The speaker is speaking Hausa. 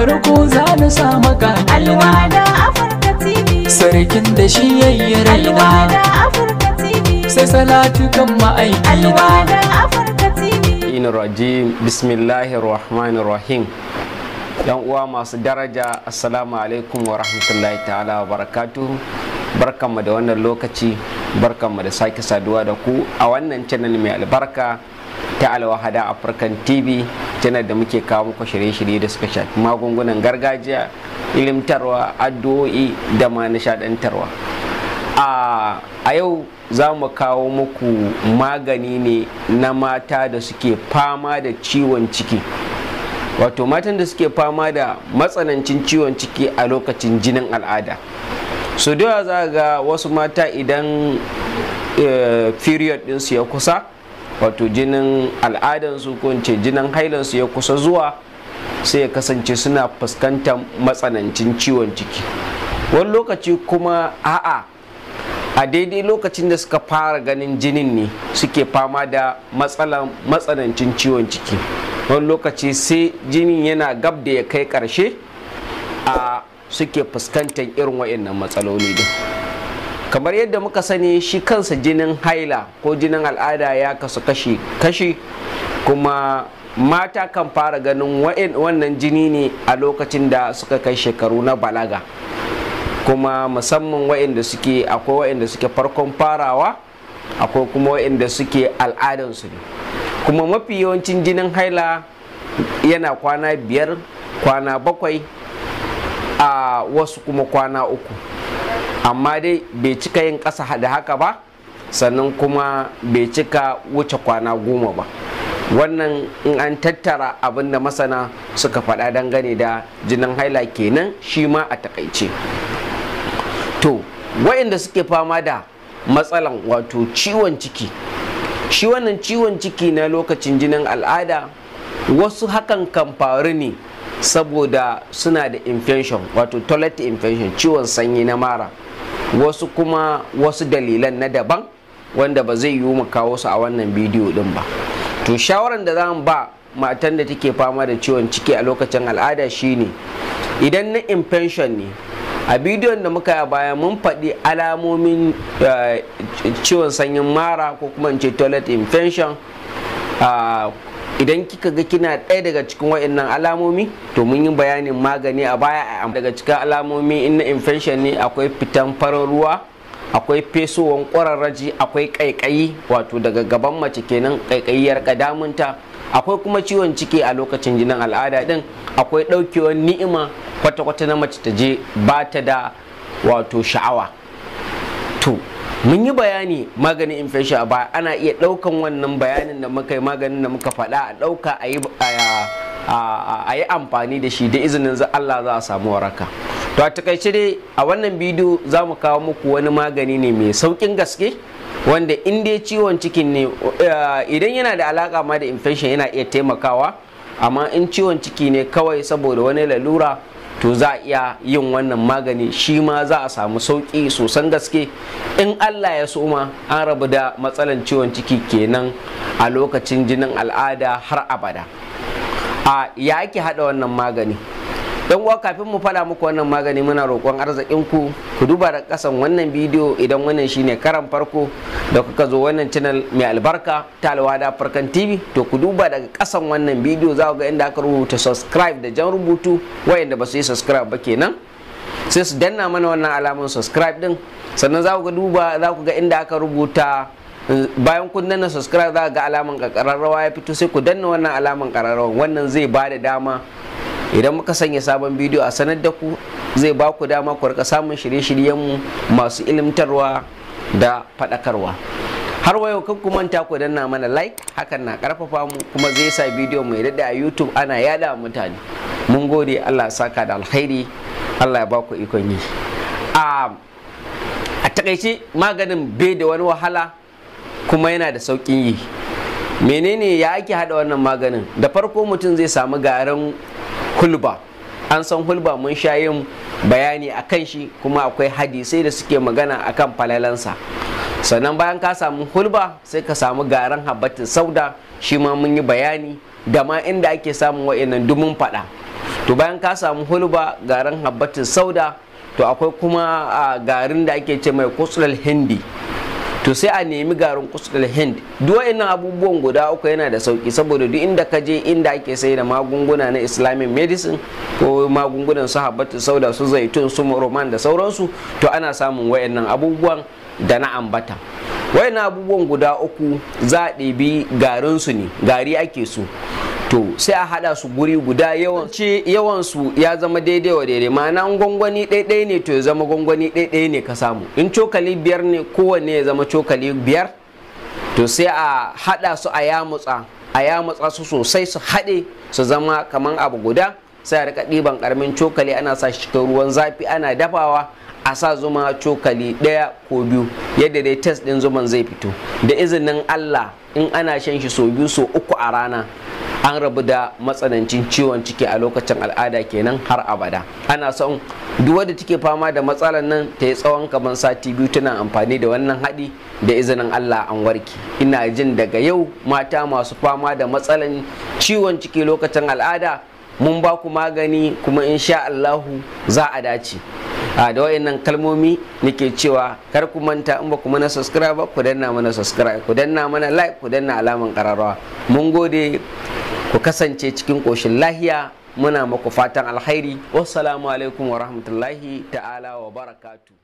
farko za na sa maka alwada afirka tv sarkin da shi yayi raina afirka tv sai salatu kan ma'ai alwada afirka tv in rajim bismillahir rahmanir rahim yan uwa masu daraja assalamu alaikum wa rahmatullahi ta'ala wa barakatuhu barkanmu da wannan lokaci barkanmu da sake saduwa da ku a wannan channel mai albarka ta alwahada african tv janar da muke kawo muku shirye-shirye da suka shafi magungunan gargajiya ilimtarwa addu'o'i da ma nishadantarwa a yau za mu kawo muku magani ne na mata da suke fama da ciwon ciki wato matan da suke fama da matsanancin ciwon ciki a lokacin jinin al'ada so da za ga wasu mata idan eh, period ɗinsu ya kusa wato jinin al'adansu ko ce jinin hailansu ya kusa zuwa sai ya kasance suna fuskantar matsanancin ciwon ciki wani lokaci kuma a'a a daidai lokacin da suka fara ganin jinin ne suke fama da matsalan matsanancin ciwon ciki wani lokaci sai jinin yana gab da ya kai karshe a suke fuskantar irin waɗannan matsaloli din. kamar yadda muka sani shi kansa jinin haila ko jinin al'ada ya kasu kashi kashi kuma mata kan fara ganin wannan jini ne a lokacin da suka kai shekaru na balaga kuma musamman wa'inda suke akwai wa'inda suke farkon farawa akwai kuma wa'inda suke al'adansu ne kuma mafi yawancin jinin haila yana kwana biyar kwana bakwai a wasu kuma kwana uku amma dai bai cika yin ƙasa da haka ba sannan kuma bai cika wuce kwana goma ba wannan in an tattara abin da masana suka faɗa dangane da jinin haila kenan shi ma a takaice to wayanda suke fama da matsalan wato ciwon ciki shi wannan ciwon ciki na lokacin jinin al'ada wasu hakan kan ne saboda suna da infection wato toilet infection ciwon sanyi na mara wasu kuma wasu dalilan na daban wanda ba zai yiwu mu kawo su a wannan bidiyo din ba to shawaran da za mu ba matan da take fama da ciwon ciki a lokacin al'ada shine idan na infection ne a bidiyon da muka yi baya mun faɗi alamomin eh, ciwon sanyin mara ko kuma in ce toilet infection ah, idan kika ga kina ɗaya daga cikin wa'annan alamomi to mun yi bayanin magani a baya a daga cikin alamomi in na infection ne akwai fitan farin ruwa akwai fesowan ƙwararraji akwai ƙaiƙayi wato daga gaban mace kenan ƙaiƙayiyar ƙadamunta akwai kuma ciwon ciki a lokacin jinin al'ada ɗin akwai ɗaukewar ni'ima kwata-kwata na mace ta je ba ta da wato sha'awa to mun yi bayani maganin infection ba ana iya ɗaukan wannan bayanin da muka yi maganin da muka faɗa a ɗauka a yi amfani da shi da izinin Allah za a samu waraka to a takaice dai a wannan bidiyo za mu kawo muku wani magani ne mai saukin gaske wanda in dai ciwon cikin ne eh, idan yana da alaka ma da infection yana iya taimakawa amma in ciwon ciki ne kawai saboda wani lalura to za a iya yin wannan magani shi ma za a samu sauƙi sosan gaske in allah ya so an rabu da matsalan ciwon ciki kenan a lokacin jinin al'ada har abada a ya ake haɗa wannan magani don uwa kafin mu fada muku wannan magani muna roƙon arzikin ku ku duba da ƙasan wannan bidiyo idan wannan shine karan farko da kuka zo wannan channel mai albarka ta alwada farkan tv to ku duba daga ƙasan wannan bidiyo za ku ga inda aka rubuta subscribe da jan rubutu wayanda ba su yi subscribe ba kenan sai su danna mana wannan alamun subscribe din sannan za ku ga duba za ku ga inda aka rubuta bayan kun danna subscribe za ga alaman kakararrawa ya fito sai ku danna wannan alaman kakararrawa wannan zai ba da dama idan muka sanya sabon bidiyo a sanar da ku zai ba ku dama ku rika samun shirye-shiryenmu masu ilimtarwa da faɗakarwa har wayo kan ku manta ku danna mana like hakan na karfafa mu kuma zai sa bidiyo mu ya a YouTube ana yada mutane mun gode Allah ya saka da alkhairi Allah ya ba ku ikon yi a takaice maganin bai da wani wahala kuma yana da saukin yi menene ya ake hada wannan maganin da farko mutum zai samu garin hulba an san hulba mun sha yin bayani a kan shi kuma akwai hadisai da suke magana a kan falalansa sannan bayan ka samu hulba sai ka samu garan habbatin sauda shi ma mun yi bayani da ma inda ake samun wa'annan dumin faɗa to bayan ka samu hulba garan habbatin sauda to akwai kuma ah, garin da ake ce mai kutsulal hindi to sai a nemi garin kustul hind duk wa'annan abubuwan guda uku yana da sauki saboda duk inda ka je inda ake sai da magunguna na islamic medicine ko magungunan su habbatu sauda su zaitun su roman da sauransu to ana samun wa'annan abubuwan da na ambata wa'annan abubuwan guda uku za a ɗebi garinsu ne gari ake su to sai a hada su guri guda yawan su ya zama daidai wa daidai ma'ana gwangwani ɗaiɗai ne to ya zama gwangwani ɗaiɗai ne ka samu in cokali biyar ne kowanne ya zama cokali biyar to sai a hada su a yamutsa a yamutsa su sosai su haɗe su zama kaman abu guda sai a rika ɗiban ƙaramin cokali ana sa shi cikin ruwan zafi ana dafawa a sa zuma cokali ɗaya ko biyu yadda dai test ɗin zuman zai fito da izinin Allah in ana shan shi so biyu so uku a rana an rabu da matsanancin ciwon ciki a lokacin al'ada kenan har abada ana son duk wadda take fama da matsalar nan ta yi tsawon kamar sati biyu tana amfani da wannan haɗi da izinin Allah an warki ina jin daga yau mata masu fama da matsalan ciwon ciki lokacin al'ada mun ba ku magani kuma insha Allahu za a dace a da wayannan kalmomi nake cewa kar ku manta in ba ku mana subscribe ku danna mana subscribe ku danna mana like ku danna alaman kararrawa mun gode ku kasance cikin ƙoshin lahiya muna maku fatan alkhairi wassalamu alaikum wa rahmatullahi ta'ala wa barakatu